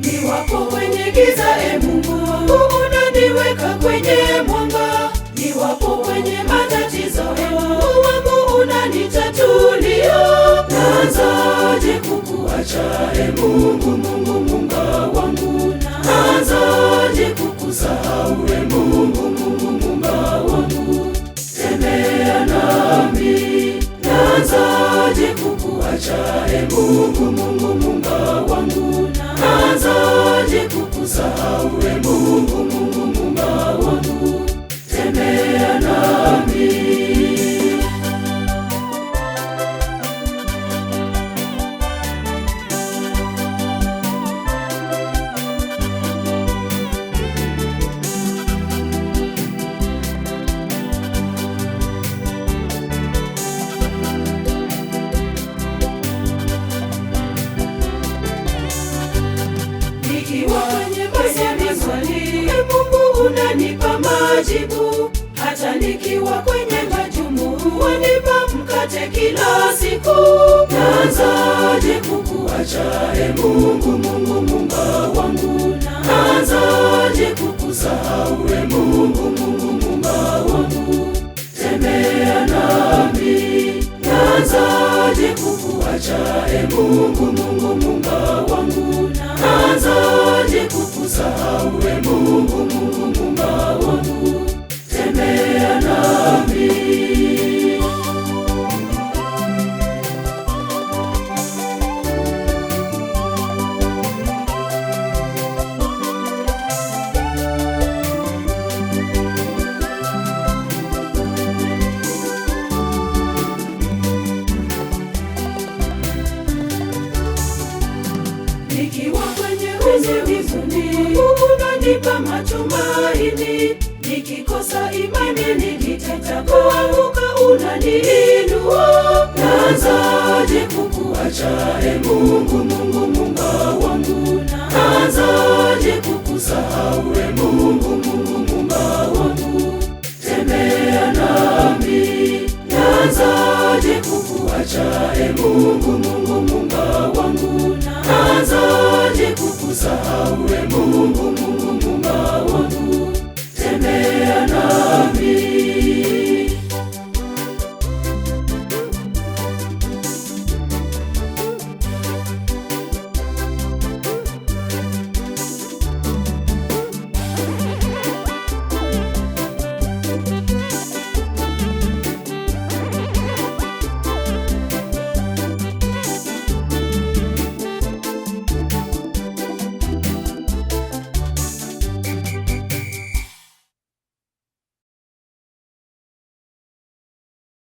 niwapo kwenye giza, e Mungu, unaniweka kwenye mwanga, niwapo kwenye matatizo, e Mungu wangu, unanitatulia. Naanzaje kukuacha, e Mungu, Mungu Munga wangu, naanzaje kukusahau, e Mungu, Mungu wangu, tembea nami, naanzaje kukuacha, e Mungu, Mungu wangu Kanzaje kukusahau Mungu nikiwa kwenye majumu, wanipa mkate kila siku. Naanzaje kukuacha e Mungu, Mungu mumba wangu, naanzaje kukusahau e Mungu, Mungu mumba wangu, tembea nami, naanzaje kukuacha e Mungu, Mungu huzuni, unanipa matumaini, nikikosa imani nitaanguka, unaniinua. Naanzaje kukuacha e Mungu, Mungu Mungu wangu, naanzaje kukusahau e Mungu, Mungu Mungu wangu, tembea nami, naanzaje kukuacha e Mungu, Mungu tumsahau Mungu